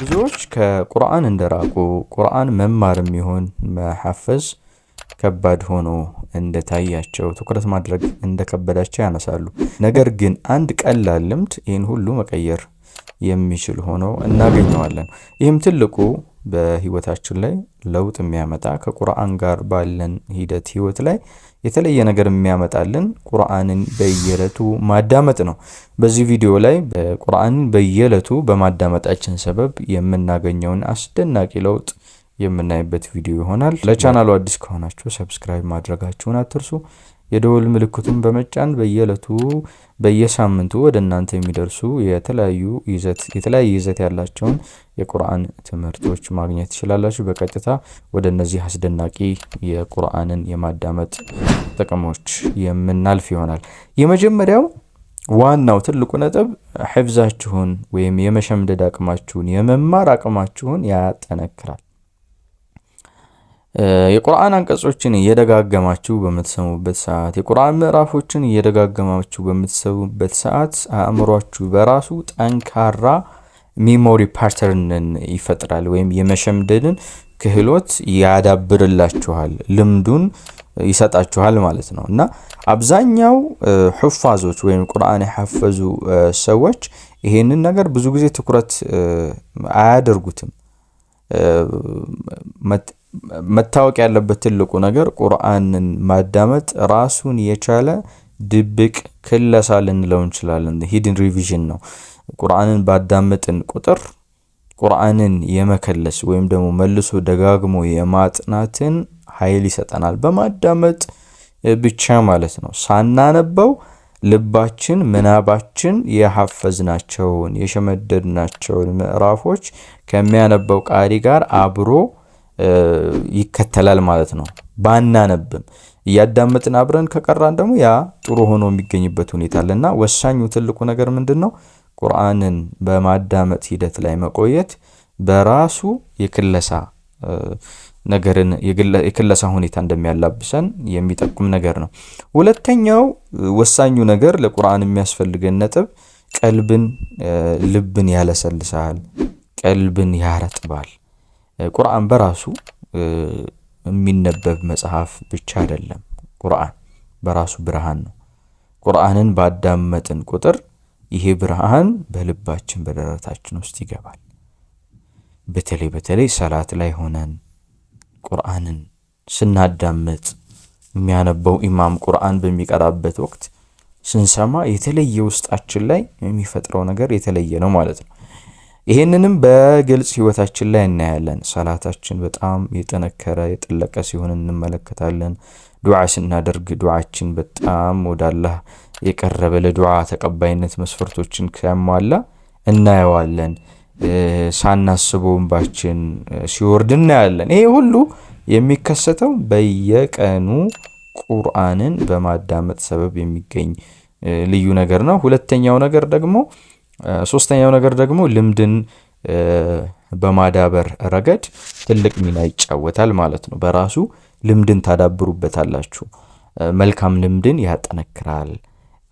ብዙዎች ከቁርአን እንደራቁ ቁርአን መማር የሚሆን መሐፈዝ ከባድ ሆኖ እንደታያቸው ትኩረት ማድረግ እንደከበዳቸው ያነሳሉ። ነገር ግን አንድ ቀላል ልምድ ይህን ሁሉ መቀየር የሚችል ሆኖ እናገኘዋለን። ይህም ትልቁ በህይወታችን ላይ ለውጥ የሚያመጣ ከቁርአን ጋር ባለን ሂደት ህይወት ላይ የተለየ ነገር የሚያመጣልን ቁርአንን በየዕለቱ ማዳመጥ ነው። በዚህ ቪዲዮ ላይ ቁርአንን በየዕለቱ በማዳመጣችን ሰበብ የምናገኘውን አስደናቂ ለውጥ የምናይበት ቪዲዮ ይሆናል። ለቻናሉ አዲስ ከሆናችሁ ሰብስክራይብ ማድረጋችሁን አትርሱ። የደወል ምልክቱን በመጫን በየዕለቱ በየሳምንቱ ወደ እናንተ የሚደርሱ የተለያዩ ይዘት የተለያየ ይዘት ያላቸውን የቁርአን ትምህርቶች ማግኘት ትችላላችሁ። በቀጥታ ወደ እነዚህ አስደናቂ የቁርአንን የማዳመጥ ጥቅሞች የምናልፍ ይሆናል። የመጀመሪያው ዋናው ትልቁ ነጥብ ሕፍዛችሁን ወይም የመሸምደድ አቅማችሁን የመማር አቅማችሁን ያጠነክራል። የቁርአን አንቀጾችን እየደጋገማችሁ በምትሰሙበት ሰዓት የቁርአን ምዕራፎችን እየደጋገማችሁ በምትሰሙበት ሰዓት አእምሯችሁ በራሱ ጠንካራ ሜሞሪ ፓተርንን ይፈጥራል ወይም የመሸምደድን ክህሎት ያዳብርላችኋል፣ ልምዱን ይሰጣችኋል ማለት ነው እና አብዛኛው ሑፋዞች ወይም ቁርአን የሐፈዙ ሰዎች ይሄንን ነገር ብዙ ጊዜ ትኩረት አያደርጉትም። መታወቅ ያለበት ትልቁ ነገር ቁርአንን ማዳመጥ ራሱን የቻለ ድብቅ ክለሳ ልንለው እንችላለን። ሂድን ሪቪዥን ነው። ቁርአንን ባዳመጥን ቁጥር ቁርአንን የመከለስ ወይም ደግሞ መልሶ ደጋግሞ የማጥናትን ኃይል ይሰጠናል። በማዳመጥ ብቻ ማለት ነው። ሳናነበው ልባችን፣ ምናባችን የሐፈዝናቸውን የሸመደድናቸውን ምዕራፎች ከሚያነበው ቃሪ ጋር አብሮ ይከተላል ማለት ነው። ባናነብም እያዳመጥን አብረን ከቀራን ደግሞ ያ ጥሩ ሆኖ የሚገኝበት ሁኔታ አለ እና ወሳኙ ትልቁ ነገር ምንድን ነው? ቁርአንን በማዳመጥ ሂደት ላይ መቆየት በራሱ የክለሳ ነገርን የክለሳ ሁኔታ እንደሚያላብሰን የሚጠቁም ነገር ነው። ሁለተኛው ወሳኙ ነገር ለቁርአን የሚያስፈልገን ነጥብ ቀልብን፣ ልብን ያለሰልሳል፣ ቀልብን ያረጥባል። ቁርአን በራሱ የሚነበብ መጽሐፍ ብቻ አይደለም። ቁርአን በራሱ ብርሃን ነው። ቁርአንን ባዳመጥን ቁጥር ይሄ ብርሃን በልባችን በደረታችን ውስጥ ይገባል። በተለይ በተለይ ሰላት ላይ ሆነን ቁርአንን ስናዳምጥ የሚያነበው ኢማም ቁርአን በሚቀራበት ወቅት ስንሰማ የተለየ ውስጣችን ላይ የሚፈጥረው ነገር የተለየ ነው ማለት ነው። ይህንንም በግልጽ ህይወታችን ላይ እናያለን። ሰላታችን በጣም የጠነከረ የጠለቀ ሲሆን እንመለከታለን። ዱዓ ስናደርግ ዱዓችን በጣም ወደ አላህ የቀረበ ለዱዓ ተቀባይነት መስፈርቶችን ሲያሟላ እናየዋለን። ሳናስበው ሲወርድ እናያለን። ይሄ ሁሉ የሚከሰተው በየቀኑ ቁርአንን በማዳመጥ ሰበብ የሚገኝ ልዩ ነገር ነው። ሁለተኛው ነገር ደግሞ ሶስተኛው ነገር ደግሞ ልምድን በማዳበር ረገድ ትልቅ ሚና ይጫወታል ማለት ነው። በራሱ ልምድን ታዳብሩበታላችሁ። መልካም ልምድን ያጠነክራል፣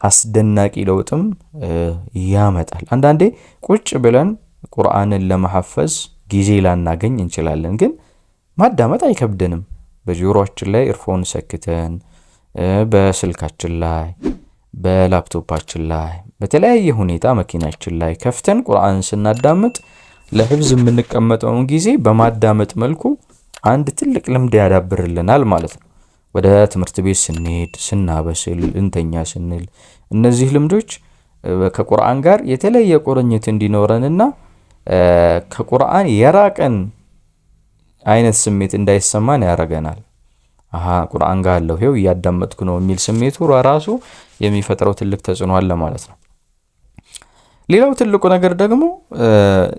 አስደናቂ ለውጥም ያመጣል። አንዳንዴ ቁጭ ብለን ቁርአንን ለመሐፈዝ ጊዜ ላናገኝ እንችላለን፣ ግን ማዳመጥ አይከብድንም። በጆሮችን ላይ ኢርፎን ሰክተን በስልካችን ላይ በላፕቶፓችን ላይ በተለያየ ሁኔታ መኪናችን ላይ ከፍተን ቁርአንን ስናዳምጥ ለህብዝ የምንቀመጠውን ጊዜ በማዳመጥ መልኩ አንድ ትልቅ ልምድ ያዳብርልናል ማለት ነው። ወደ ትምህርት ቤት ስንሄድ፣ ስናበስል፣ እንተኛ ስንል እነዚህ ልምዶች ከቁርአን ጋር የተለየ ቁርኝት እንዲኖረንና ከቁርአን የራቀን አይነት ስሜት እንዳይሰማን ያደርገናል። አሀ ቁርአን ጋር አለው ሄው እያዳመጥኩ ነው የሚል ስሜቱ ራሱ የሚፈጥረው ትልቅ ተጽዕኖ አለ ማለት ነው። ሌላው ትልቁ ነገር ደግሞ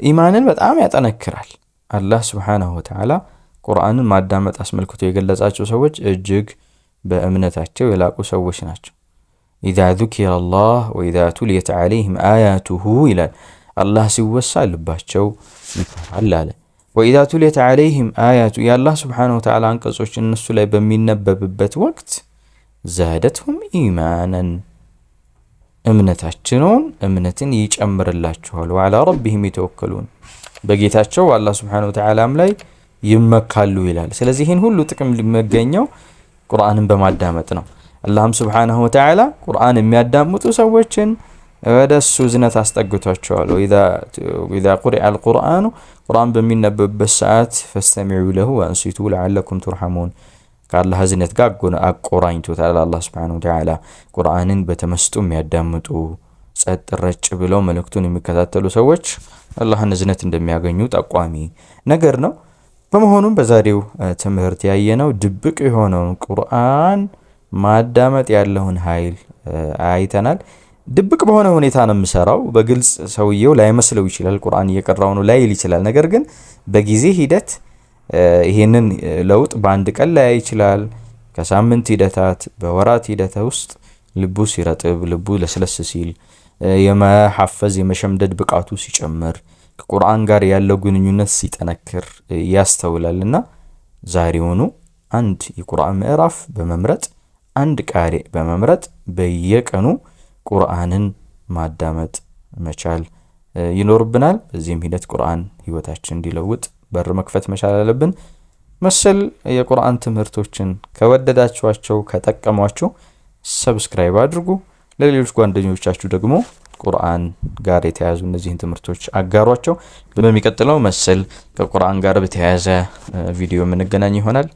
ኢማንን በጣም ያጠነክራል። አላህ ስብሓነሁ ወተዓላ ቁርአንን ማዳመጥ አስመልክቶ የገለጻቸው ሰዎች እጅግ በእምነታቸው የላቁ ሰዎች ናቸው። ኢዛ ዙኪረ ላህ ወኢዛ ቱልየት ዓለይህም አያቱሁ ይላል። አላህ ሲወሳ ልባቸው ይፈራል አለ። ወኢዛ ቱልየት ዓለይህም አያቱ የአላህ ስብሓነሁ ወተዓላ አንቀጾች እነሱ ላይ በሚነበብበት ወቅት ዛደትሁም ኢማናን እምነታችንን እምነትን ይጨምርላችኋል። ወዓላ ረቢሂም የተወከሉን በጌታቸው በአላህ ስብሓነሁ ወተዓላም ላይ ይመካሉ ይላል። ስለዚህ ይህን ሁሉ ጥቅም ሊመገኘው ቁርአንን በማዳመጥ ነው። አላህም ስብሓነሁ ወተዓላ ቁርአን የሚያዳምጡ ሰዎችን ወደ እሱ እዝነት አስጠግቷቸዋል። ወኢዛ ቁሪዐ አልቁርአኑ ቁርአን በሚነበብበት ሰዓት ፈስተሚዑ ለሁ ወአንሲቱ ለዓለኩም ቱርሐሙን ከአላህ ህዝነት ጋር አቆራኝቶታል። አላህ ስብሐነሁ ወተዓላ ቁርአንን በተመስጦ የሚያዳምጡ ጸጥ ረጭ ብለው መልእክቱን የሚከታተሉ ሰዎች አላህን እዝነት እንደሚያገኙ ጠቋሚ ነገር ነው። በመሆኑም በዛሬው ትምህርት ያየነው ድብቅ የሆነውን ቁርአን ማዳመጥ ያለውን ኃይል አይተናል። ድብቅ በሆነ ሁኔታ ነው የምሰራው። በግልጽ ሰውየው ላይመስለው ይችላል፣ ቁርአን እየቀራው ነው ላይል ይችላል። ነገር ግን በጊዜ ሂደት ይሄንን ለውጥ በአንድ ቀን ላያይ ይችላል። ከሳምንት ሂደታት፣ በወራት ሂደት ውስጥ ልቡ ሲረጥብ፣ ልቡ ለስለስ ሲል፣ የመሐፈዝ የመሸምደድ ብቃቱ ሲጨምር፣ ከቁርአን ጋር ያለው ግንኙነት ሲጠነክር ያስተውላል እና ዛሬውኑ አንድ የቁርአን ምዕራፍ በመምረጥ አንድ ቃሪ በመምረጥ በየቀኑ ቁርአንን ማዳመጥ መቻል ይኖርብናል። በዚህም ሂደት ቁርአን ህይወታችን እንዲለውጥ በር መክፈት መቻል አለብን። መሰል የቁርአን ትምህርቶችን ከወደዳችኋቸው ከጠቀሟችሁ ሰብስክራይብ አድርጉ። ለሌሎች ጓደኞቻችሁ ደግሞ ቁርአን ጋር የተያያዙ እነዚህን ትምህርቶች አጋሯቸው። በሚቀጥለው መሰል ከቁርአን ጋር በተያያዘ ቪዲዮ የምንገናኝ ይሆናል።